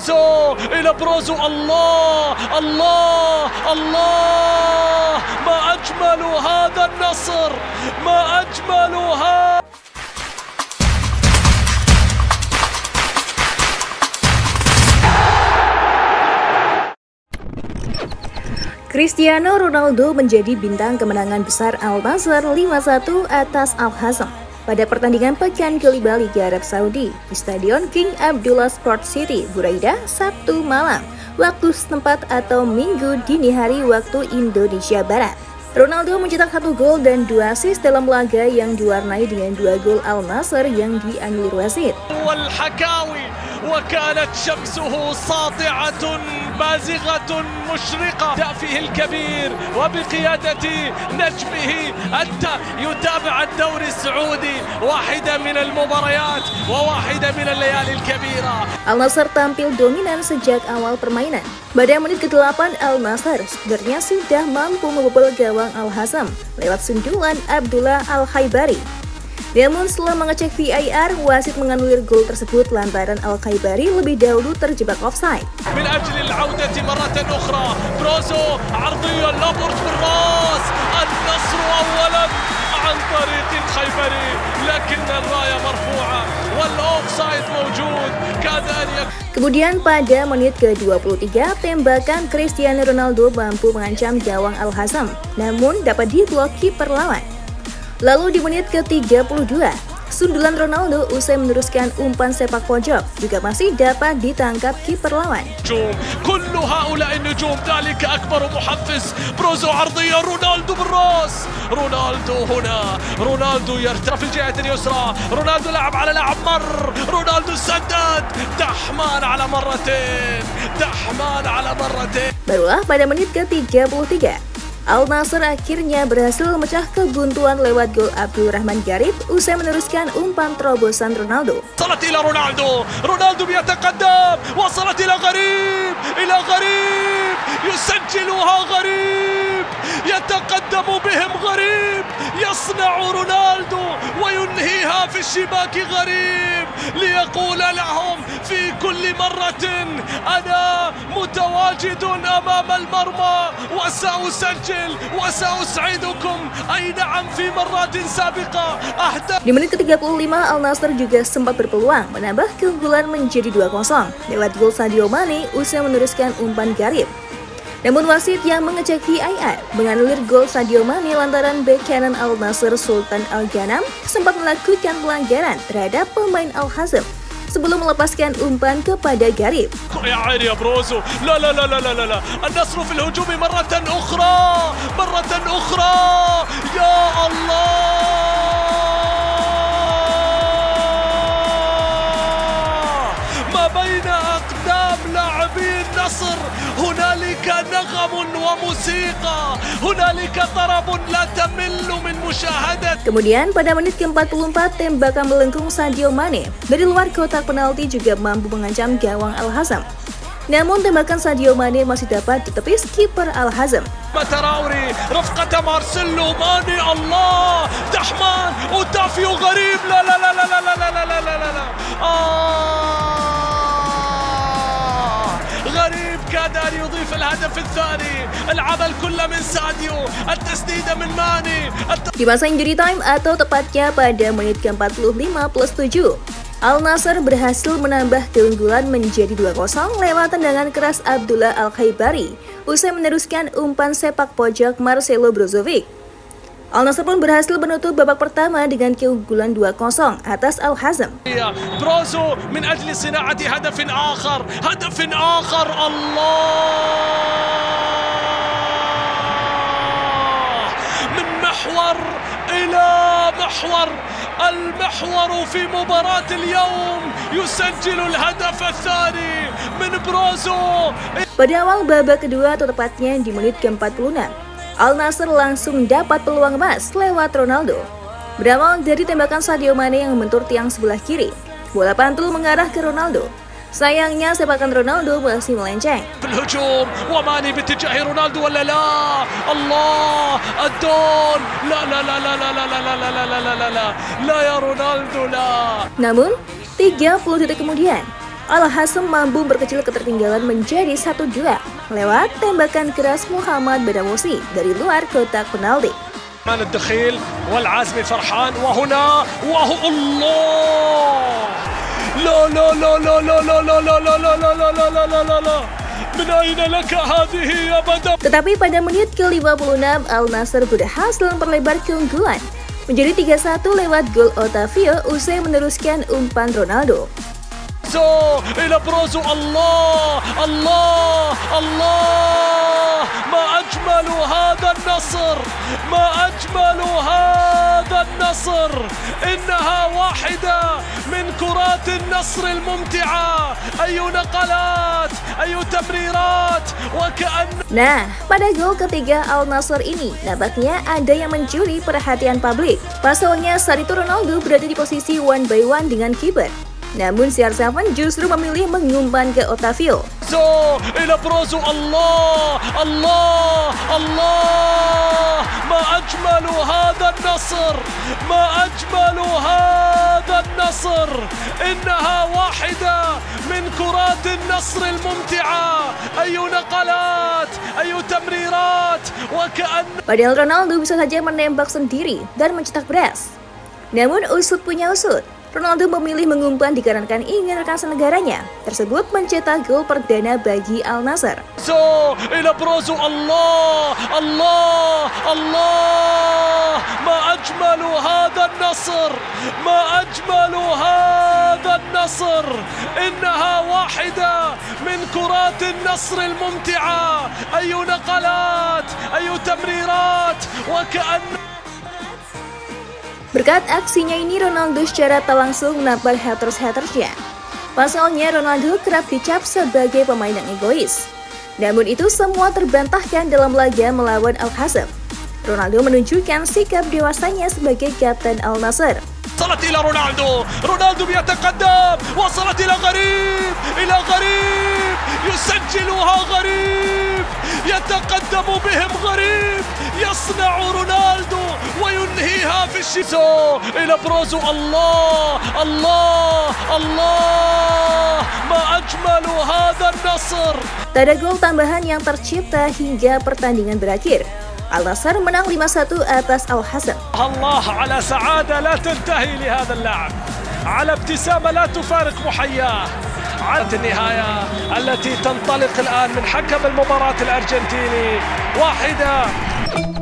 إلى برازو الله الله الله ما أجمل هذا النصر ما أجمل هذا Cristiano Ronaldo menjadi bintang kemenangan besar Al Nassr 5-1 atas Al Hasan pada pertandingan pekan kelima Liga Arab Saudi di Stadion King Abdullah Sport City, Buraida, Sabtu malam, waktu setempat atau Minggu dini hari waktu Indonesia Barat. Ronaldo mencetak satu gol dan dua assist dalam laga yang diwarnai dengan dua gol Al Nasr yang dianulir wasit. وكانت شمسه ساطعة بازغة مشرقة دافه الكبير وبقيادة نجمه أنت يتابع الدوري السعودي واحدة من المباريات وواحدة من الليالي الكبيرة Al-Nasr tampil dominan sejak awal permainan. Pada menit ke-8, Al-Nasr sebenarnya sudah mampu membobol gawang Al-Hazam lewat sundulan Abdullah Al-Haibari Namun setelah mengecek VAR, wasit menganulir gol tersebut lantaran Al Khaibari lebih dahulu terjebak offside. Kemudian pada menit ke-23, tembakan Cristiano Ronaldo mampu mengancam gawang Al-Hazam, namun dapat diblok kiper lawan. Lalu di menit ke-32, sundulan Ronaldo usai meneruskan umpan sepak pojok juga masih dapat ditangkap kiper lawan. Barulah pada menit ke-33, Al Nasr akhirnya berhasil memecah kebuntuan lewat gol Abdul Rahman Garib usai meneruskan umpan terobosan Ronaldo. وصلت Ronaldo, Ronaldo بيتقدم، وصلت ila Garib, ila Garib, يسجلها Garib. يتقدم بهم غريب يصنع رونالدو وينهيها في الشباك غريب ليقول لهم في كل مرة أنا متواجد أمام المرمى وسأسجل وسأسعدكم أي نعم في مرات سابقة أهدف Di menit ke-35 Al Nassr juga sempat berpeluang menambah keunggulan menjadi 2-0 lewat gol Sadio Mane usai meneruskan umpan Garib. Namun wasit yang mengecek VIR menganulir gol Sadio Mane lantaran bek kanan Al Nasr Sultan Al Ghanam sempat melakukan pelanggaran terhadap pemain Al Hazm sebelum melepaskan umpan kepada Garib. Ya Allah. النصر هنالك نغم وموسيقى هنالك طرب لا تمل من مشاهدة Kemudian pada menit ke-44 tembakan melengkung Sadio Mane dari luar kotak penalti juga mampu mengancam gawang Al Hazm. Namun tembakan Sadio Mane masih dapat ditepis kiper Al Hazm. تراوري رفقة مارسيلو ماني الله دحمان وتافيو غريب لا لا لا لا لا لا لا لا لا لا قدر يضيف الهدف الثاني العمل كله من ساديو التسديدة من ماني Di masa injury time atau tepatnya pada menit ke-45 plus 7 Al Nasser berhasil menambah keunggulan menjadi 2-0 lewat tendangan keras Abdullah Al Khaibari usai meneruskan umpan sepak pojok Marcelo Brozovic. Al Nasr pun berhasil menutup babak pertama dengan keunggulan 2-0 atas Al Hazm. ila المحور في مباراة اليوم يسجل الهدف الثاني من Pada awal babak kedua atau tepatnya di menit ke-46, Al nasser langsung dapat peluang emas lewat Ronaldo. Berawal dari tembakan Sadio Mane yang membentur tiang sebelah kiri, bola pantul mengarah ke Ronaldo. Sayangnya sepakan Ronaldo masih melenceng. Namun, tiga Namun 30 detik kemudian Al Hasem mampu berkecil ketertinggalan menjadi satu juara lewat tembakan keras Muhammad Badamusi dari luar kotak penalti. Tetapi pada menit ke-56 Al Nasser berhasil memperlebar keunggulan menjadi 3-1 lewat gol Otavio usai meneruskan umpan Ronaldo. برازو إلى برازو الله الله الله ما أجمل هذا النصر ما أجمل هذا النصر إنها واحدة من كرات النصر الممتعة أي نقلات أي تمريرات وكأن Nah, pada gol ketiga Al Nasr ini, nampaknya ada yang mencuri perhatian publik. Pasalnya, saat itu Ronaldo berada di posisi one by one dengan kiper. Namun CR7 justru memilih mengumpan ke Otavio. So, ila prosu Allah, Allah, Allah. Ma ajmalu hada nasr, ma ajmalu hada nasr. Innaha wahida min kurat al-nasr النصر ayu naqalat, ayu tamrirat wa kaan. Padahal Ronaldo bisa saja menembak sendiri dan mencetak beras. Namun usut punya usut, Ronaldo memilih mengumpan dikarenakan ingin rekan senegaranya tersebut mencetak gol perdana bagi Al Nasr. So, ila prosu Allah, Allah, Allah, ma ajmalu hada Nasr, ma ajmalu hada Nasr, innaha wahida min kurat Nasr الممتعة, أي نقلات, أي تمريرات, وكأن Berkat aksinya ini Ronaldo secara tak langsung menampar haters-hatersnya. Pasalnya Ronaldo kerap dicap sebagai pemain yang egois. Namun itu semua terbantahkan dalam laga melawan Al Hasm. Ronaldo menunjukkan sikap dewasanya sebagai kapten Al Nasr. Ronaldo, إلى رونالدو رونالدو بيتقدم وصلت إلى غريب إلى غريب يسجلها غريب يتقدم بهم غريب يصنع رونالدو وينهيها في الشتاء إلى برازو الله الله الله ما أجمل هذا النصر Tak ada gol tambahan yang tercipta hingga pertandingan berakhir. Al-Nasr menang 5-1 atas Al-Hasan. Allah ala sa'ada la tantahi li hadha al-la'ab. Ala ibtisama la tufariq muhayyah. عد النهاية التي تنطلق الآن من حكم المباراة الأرجنتيني واحدة